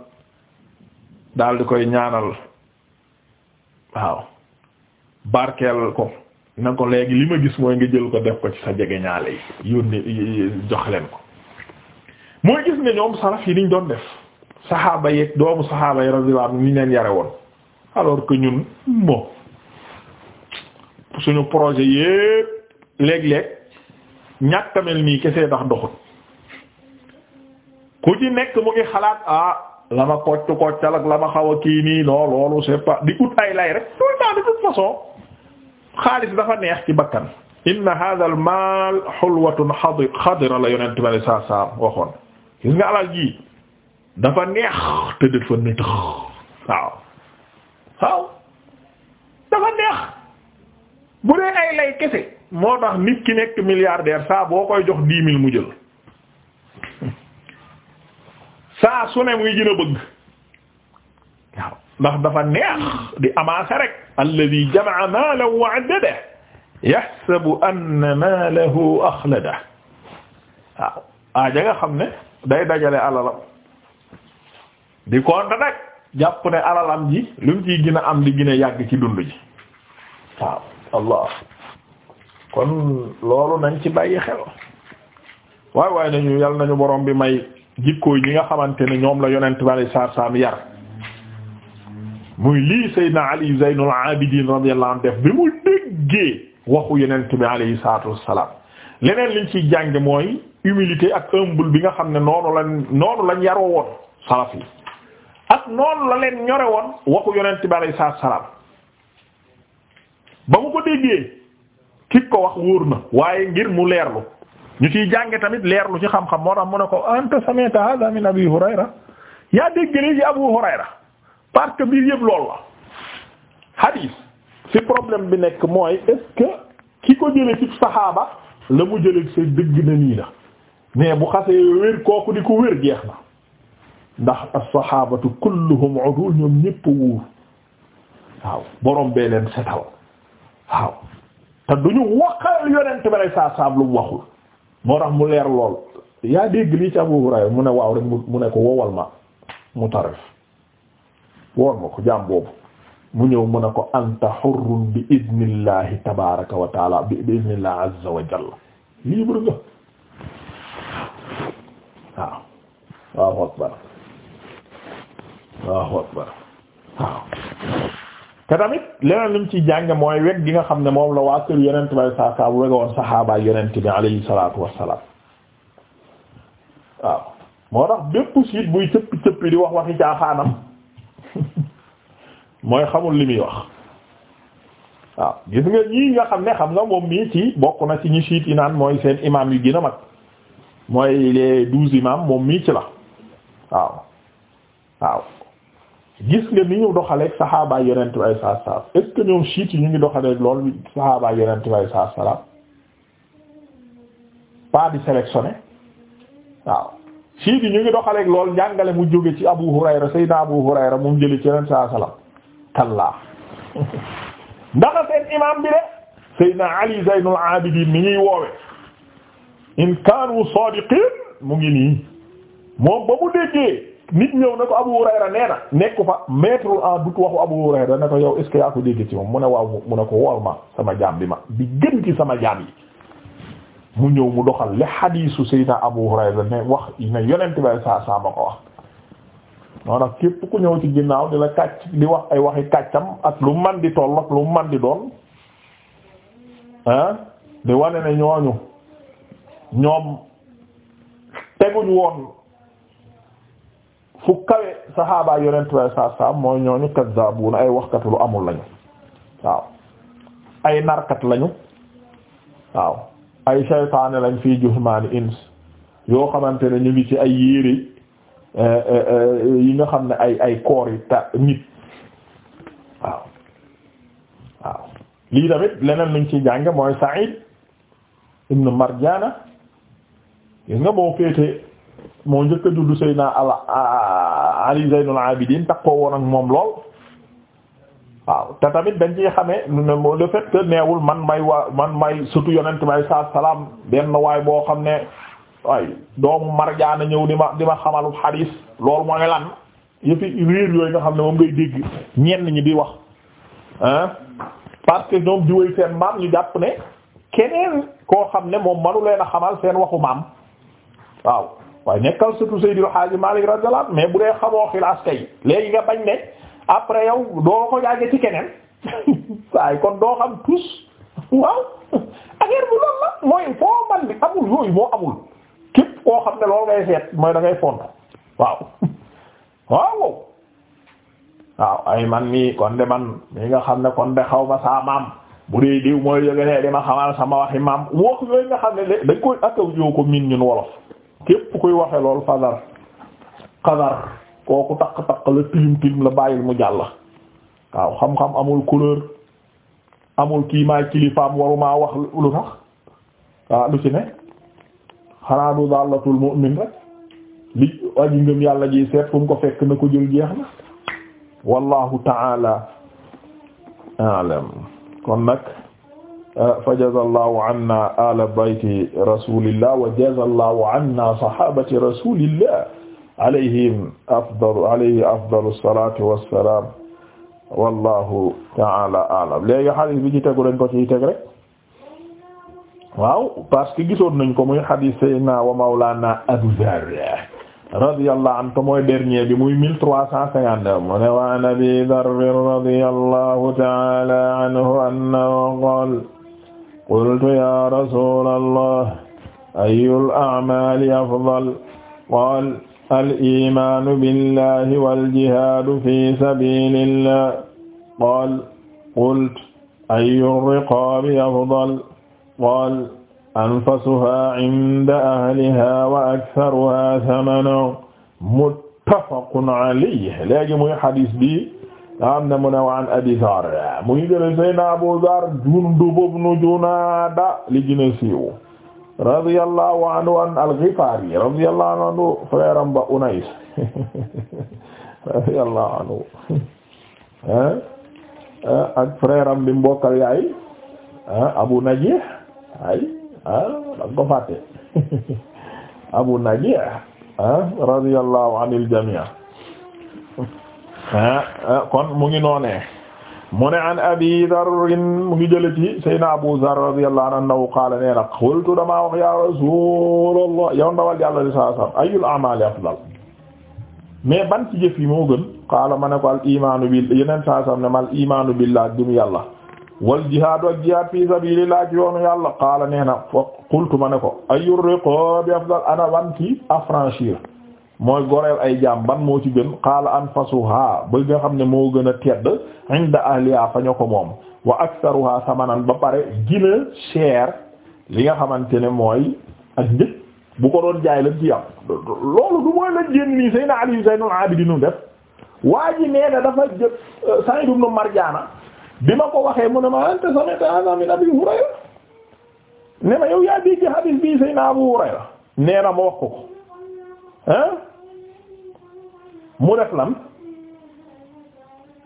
daal di koy ñaanal waaw barkeel ko na ko léegi li ma gis mooy nga jël ko def ko ci sa jege ñaale yi yónni jox leen ko mooy gis ne ñoom salaf yi niñ doon def saxaaba yeeg doomu saxaaba yi radiyallahu anhum leen yare woon alors que ñun moom suñu projet yépp léeg-léeg ñàkkamel nii kese tax doxut ku ci nekk mu ngi xalaat ah la ma kocc koccal ak la ma xaw a kii nii non loolu c'est pas di ut ay lay rek tout le temps de façon xaalis dafa neex ci bakkan inna hadha al mal hulwatun xadira la yonent bari saa saa waxoon gis nga alal ji dafa neex te dafa nëtëx waaw waaw dafa neex bu ay lay kese moo tax nit ki nekk milliardaire saa boo koy jox dix mille mu jël [LAUGHS] saa su ne muy gën bëgg ndax dafa neex di amaase rek alladi jamaa maalan wa addada yaxsabu anna maalahu axlada waaw aaja nga xam ne day dajale alalam di konta nag jàpp ne alalam ji lu ci ciy gën a am di gën yàgg ci dund ji waaw allah kon loolu nañ ci bàyyi xel waay waay nañu yàlla nañu borom bi may jikkooy ñi nga xamante ne ñoom la yonent bale saar saam yar muy lii Seydina Ali Zeynul Abidin radiyallahu anhu def bi mu déggee waxu yonent bi alayhi salaatu wassalaam leneen liñ ciy jàng mooy humilité ak humble bi nga xam ne noonu lañ noonu lañ yaroo woon salaf yi ak noonu la leen ñore woon waxu yonent bi alayhi salaatu wassalaam ba mu ko déggee ki ko wax wóor na waaye ngir mu leerlu ñu ci jànge tamit leerlu ci xam-xam moo tax mu ne ko anta sami'ta hadha min abi hurayra yaa dégg li ci abu hurayra parce que mbir yëpp loolu la hadis fi problème bi nekk mooy est ki ko jële ci saxaaba la mu jële ci dëgg na nii la mais bu xasee wér kooku di ko wér jeex na ndax as-saxaabatu kulluhum te du ñu waxal yonent bi rek mu waxul moo rax mu leer lool yaa dégg lii ci Abu Hurayra mu ne waaw rek mu ne ko wowal ma mu tarif woon ma ko jaam boobu mu ñëw mun a ko anta hurrun bi idnillahi tabaraka wa taala bi idnillahi azza wa jalla libre nga waaw Allahu akbar Allahu akbar waaw te tamit leneen lim ci jànge mooy weg gi nga xam ne moom la waa kër yonent bay saa saa woon saxaabaay yonent bi alayhi salaatu wassalaam waaw moo tax bépp siit buy cëppi cëppi di wax waxi caaxaanam mooy xamul li muy wax waaw gis nga ñii nga xam ne xam nga moom mii ci bokk na ci ñi siit yi naan mooy seen imam yu gën a mag mooy les douze imam moom mii ci la waaw waaw gis nga ni ñu doxaleeg saxaabaay yonent bi ay saa salaam est ce siit ñu ngi doxaleeg lool saxaabaay yonent bi ay saa salaam pas di sélectionné waaw siit yi ñu ngi doxaleeg lool njàngale mu jóge ci Abu Hurayra Sayyidina Abu Hurayra moom jëli ci yonent saa salaam kallaa ndax seen imam bi de Seydina Ali Zaynul Abidin mi ñuy woowe in kaanu saadiqin mu ngi nii moom ba mu déggee nit ñëw na ko Abu Hurayra nee na nekku fa mettre en doute waxu Abu Hurayra ne ko yow est yaa ko déggee ci moom mu waaw mu ko wool ma sama jaam bi ma bi gën ci sama jaam yi mu ñëw mu doxal li hadiisu Seydina Abu Hurayra ne wax ne yonent bay saa ko wax moo tax képp ku ñëw ci ginnaaw di la kàcc di wax ay waxi kàccam ak lu man di toll ak lu man di doon ah di wane ne ñooñu ñoom teguñ woon fu kawe saxaabaa yonent way sa sa mooy ñooñu kazzaabuun ay waxkat lu amul lañu waaw ay narkat lañu waaw ay saytaane lañ fii jusmaani ins yoo xamante ne ñu ngi ci ay yére Euh, euh, euh, yi nga xam ne ay ay koor yi ta nit waaw waaw lii tamit leneen luñ ci jànge mooy Sa'id ibn Marjana gis nga boo féete moo njëkk a juddu Seydina Ali Zaynul Abidin takkoo woon ak moom lool waaw te tamit dañ ci xamee lu ne moo le neewul man may waa man may surtout yonent may sa salaam benn waay boo xam ne waaye doomu marjaana ñëw di ma di ma xamalu xadiis loolu mooy lan yëfi réer yooyu nga xam ne moom ngay dégg ñenn ñi di wax ah parce que ñoom di wéy seen maam ñu jàpp ne keneen koo xam ne moom manu leen a xamal seen waxu maam waaw waaye nekkal surtout Seydil Hadji Malick radiyallahu anhu mais bu dee xamoo xilaas kay léegi nga bañ ne après yow doo ko yàggee ci keneen waaye [LAUGHS] kon doo xam tous waaw [LAUGHS] affaire bu loolu la mooy foo man bi amul yooyu moo amul képp koo xam ne lool ngay seet mooy dangay ngay font waaw [LAUGHS] waaw waaw ay man mii kon de man mii nga xam ne kon de xaw ma saa maam bu dee diw mooy yëge ne dama xamal sama waxi maam wax yooyu nga xam ne dañ koy akaw joo ko miin ñun wolof képp kuy waxe lool fadar qadar kooku taq-taq la tilim tilim la bàyyil mu jàll waaw xam-xam amul couleur amul kii maay kilifaam warumaa wax lu tax waaw lu ci ne xanaa du dàllatul mu'min rek li aji ngëm yàlla ji seet fu mu ko fekk na ko jël jeex na wallahu ta'ala a'lam kon nag ah, fa jazallahu anna ala bayti rasulillah wa jazallahu anna sahabati rasulillah alayhim afdalu alayhi afdalu salatu wassalam wallahu ta'ala a'lam léegi hadith bi ci tegu dañ ko ciy teg rek waaw parce que gisoon nañ ko muy hadith sayna wa mawlana Abu Dharr radiyallahu anhu mooy dernier bi muy mille trois cent cinquante mu ne wa an Abi Dharr radiyallahu ta'ala anhu annahu qala qultu ya rasulallah ayyul a'mali afdal qala al-imanu billahi wal jihadu fi sabilillah qala qultu ayyur riqabi afdal qaala anfasuhaa inda ahlihaa wa aktharuhaa thamanan muttafaqun alayhi léegi muy xadis bi nga xam ne mu ne waan Abi Zarr mu ngi jëlee Seydina Abu Zarr Jundub ibnu Junaada li gën a siiw radiyallahu anhu an al-Ghifaari radiyallahu anhu frère am ba Unays radiyallahu anhu ak frère am bi mbokkal yaay Abu Najiih ay ah danga ko fàtte [LAUGHS] Abu Najih ah radiyallahu anil jami' ah, ah kon mu ngi noonee mu Abi Dharr mu ngi jële Abu Dharr radiyallahu anhu qaala nee na qultu ya Rasuulallah yow ndawal Yàlla sallallahu alayhi wasallam ayyul a'maali afdal mais ban ci jëf yi moo gën qaala ma wal jihaadu ak jihaad fi sabilillah yoonu yàlla qaala nee na fa qultu ma ne ko ayu riqabi afdal ana wan ci mooy goreel ay jaam ban moo ci gën qaala anfasuha ba nga xam ne moo gën a tedd inda ahliha fa ñu ko moom wa aktharuha samanan ba pare gina cher li nga xamante ne mooy ak njëg bu ko doon jaay lañ am loolu du mooy la génn nii Seydina Ali Zaynul Abidin def waa ji dafa jël Sa'id Marjana bi ma ko waxee mu ne ma anta sami'ta hadha min abi hurayra ne ma yow yaa dégg hadith bi sayna abu hurayra nee na ma wax ko ko ah mu def lan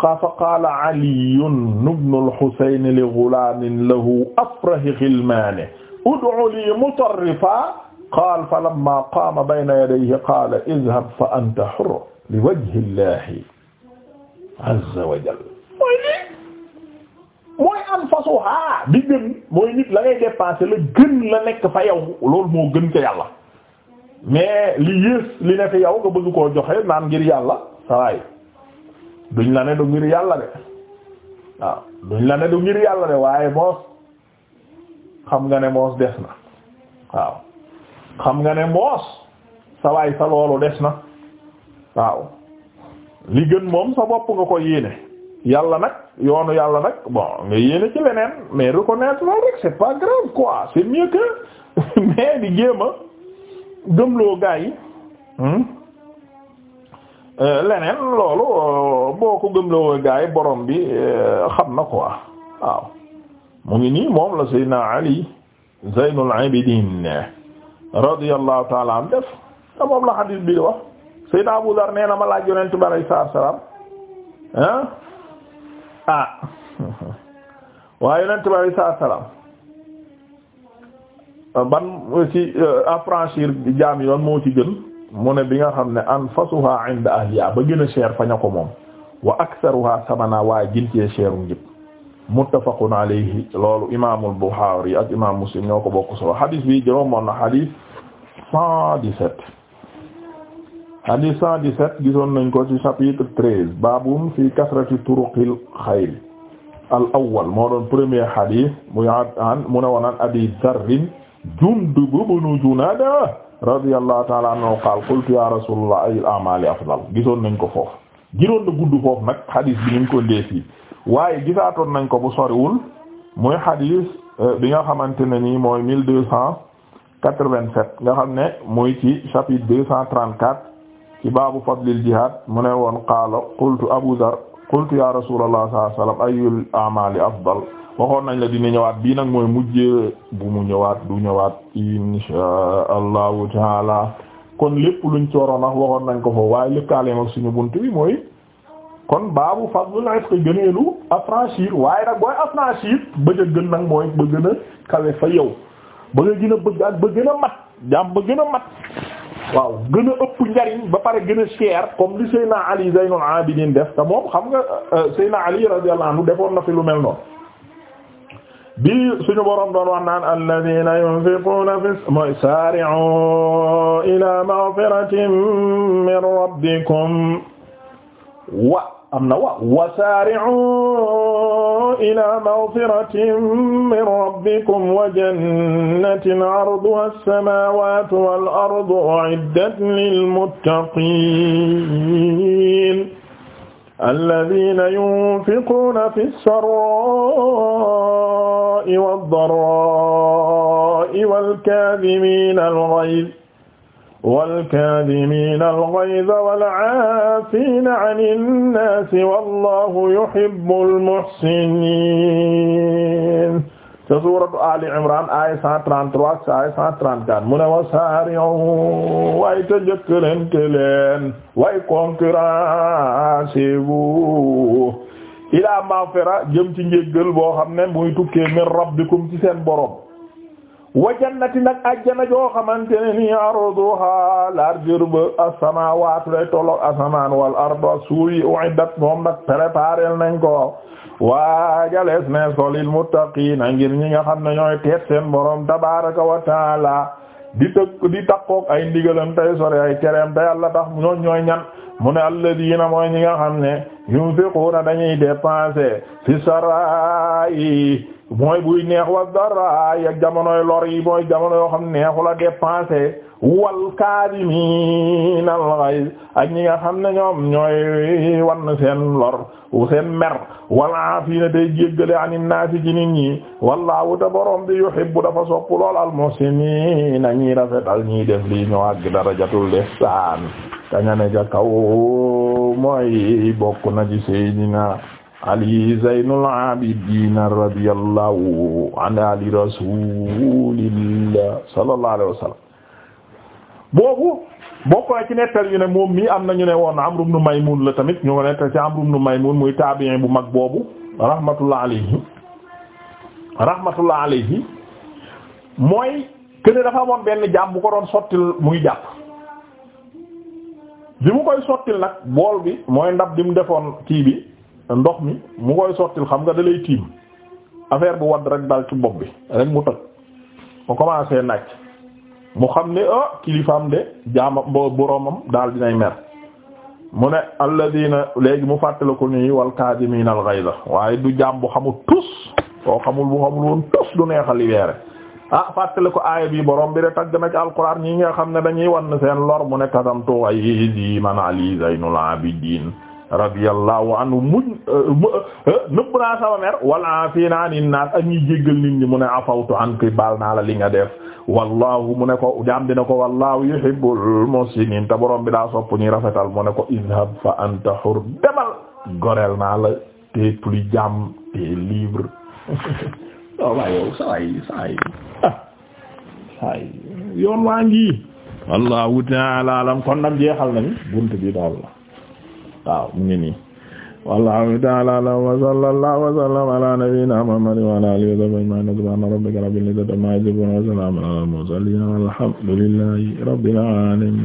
fa qaala aliyun ibnu al-husayn li ghulaamin lahu afrahi ghilmaanihi ud'u lii mutarrifan qaala falammaa qaama bayna yadayhi qaala idhab fa anta hurrun li wajhi llaahi azza wa jalla mooy am façon ah bi gën mooy nit la ngay dépensé la gën la nekk fa yow loolu moo gën ca yàlla mais li yées li ne fi yow nga bëgg koo joxe naan ngir yàlla sawaay duñ la ne du ngir yàlla de waaw ah, duñ la ne du ngir yàlla de waaye moos xam nga ne moos des na waaw xam nga ne moos sawaay sa loolu des na waaw li gën moom sa bopp nga ko yéene yàlla nag yoonu yàlla nag bon nga yéene ci leneen mais reconnaître loolu rek c'est pas grave quoi c'est mieux [LAUGHS] mais di jéem gëmloo gaa yi hmm? euh, leneen loolu euh, boo ko gëmloo gaa yi borom bi euh, xam na quoi waaw mu ngi nii moom la Seydina Ali Zaynul Abidin radiyallahu ta'ala def te moom la hadith bi di wax Abu Dar nee ma laaj yonent bi alayhi salaam ah waa yonent bi alay salaam ban ci euh, affranchir jaam yoon moo ci gën mu ne bi nga xam ne anfasuha inda ahliha ba gën a cher fa ña moom wa aktharuha samana waaye gin cee cheru njëg muttafaqun alayhi loolu imaamul Buxaari ak imaam Muslim ñoo ko bokk solo hadis bi juróom moon na hadis 117 hadith cent dix-sept gisoon nañ ko ci chapitre treize babum fi kasrati turuqil xayri al awwal moo doon premier hadith muy an mu ne woon an abi zarrin jundub ibn junaada radiyallahu ta'ala anhu qaal qultu ya rasulullah ayul a'mali afdal gisoon nañ ko foofu giroon na gudd foofu nag hadith bi ñu ko ndee fii waaye gisaatoon nañ ko bu soriwul muy hadith euh, bi nga xamante ne nii mooy mille deux cent quatre-vingt-sept nga xam ne muy ci chapitre deux cent trente ci baabu fadlil jihad mu ne woon qaala qultu abu dhar qultu ya rasulallah sallallahu alayhi wasallam ayyul waxoon nañ la dina ñëwaat bii nag mooy mujjee bu mu ñëwaat du ñëwaat insha allahu taala kon lépp luñ ci waxoon nañ ko fa waaye lëkkaaleem ak suñu bunt bi mooy kon baabu fadlul ifq gëneelu affranchir waaye nag booy affranchir bëgg gën nag mooy ba gën a kawe fa yow ba nga gën a bëgg ak mat jaam ba gën mat waaw gën a ëpp njariñ ba pare gën a cher comme li Seyna Ali Zaynul Abidin def te moom xam nga euh, Seyna Ali radiyallahu anhu defoon na fi lu mel noonu bi suñu borom doon wax naan alladhina yunfiquna fi mooy sari'u ila maghfiratin min rabbikum wa am na waaw wasaari'u ila maghfiratin min rabbikum wa jannatin 'arduha as-samawatu wal ardu 'iddat lil muttaqin alladhina yunfiquna fis sarra'i wad-dharra'i wal kadhimina al-ghayz والكاذمين الغيظ والعافين عن الناس والله يحب المحسنين te suuratu Ali Imran aaya 133 aaya 134 mu ne wasaari'u way te jëkkalante leen way concurrencez-vous ilaa maghfira jëm ci njéggal boo xam ne muy tukkee min rabbikum ci seen borom wa jannati nag ajjana joo xamante ne ni arduha largeur ba as-samaawaatu lay tolloog asamaan wal ardu suuf moom nag préparé nañ ko waajalees ne ko lil muttaqiina ngir ñi nga xam ne ñooy teet seen borom tabaaraka wa taala di tëkk di takkook ay ndigalam tay sore ay tereem te yàlla tax ñooy ñan mu ne alladina mooy ñi nga xam ne yunfiquuna dañuy dépenser fi saraa mooy buy neex wa dara yak jamonoy lor yi mooy jamono yoo xam neexu la dépensé wal kaadimiina al ghayz ak ñi nga xam ne ñoom ñooy wan seen lor seen mer wal aafiina tey jéggale ani naasi ci nit ñi wallaahu te borom bi yuhibbu dafa sopp lool al muhsiniina ñi rafetal ñi def lii ñoo àgg darajatul ihsaan ka nga ne ca kaw mooy bokk na ci seydina ali zaynul abidin radiyallahu an ali rasulillah sallallahu alayhi wa boobu bokk na ci nettal yu ne moom mii am na ñu ne woon Amr ibn Maymun la tamit ñu ko nettal ci Amr ibn Maymun muy taabiin bu mag boobu rahmatullah alayhi rahmatullah alayhi mooy kene dafa amoon benn jaam bu ko doon sottil muy jàpp bi mu koy sottil nag bool bi mooy ndab bi mu defoon kii bi ndox mi mu koy sottil xam nga da lay tiim affaire bu wadd rek dal ci bopp bi rek mu toj mu commencé naaj mu xam ne ah kilifaam de jaama boromam daal dinay mer mu ne alladina léegi mu fàttale ko nii wal kaadimiina al ghayza waaye du jaam bu xamul tus boo xamul bu xamul woon tus du neexal li weere ah fàttale ko aaya bi borom bi de tagg nag ci ñi nga xam ne dañuy wan seen lor mu ne kasamtu ay di man ali zaynul radiyallahu anhu muñ euh, euh, nëbb naa sama mer wala fii naa mu ne afawtu anki baal naa la li nga def wallahu mu ne ko jaam dina ko wallahu yuhibbul muhsinin bi daa ñuy rafetal mu ne ko idhab fa anta hur demal naa la te plus jaam te libre waaw [LAUGHS] oh, waaye yow saa yi saa yi ah, ta'ala alam kon nag jeexal nañu bunt bi daal la waaw mu ngi nii wallahu ta'ala wa sallallahu wa sallam ala nabiyyina muhammadin wa ala alihi wa sahbihi ajma'in subhana rabbika rabbil izzati amma yasifun wa salamun ala al mursalin walhamdulillahi rabbil alamin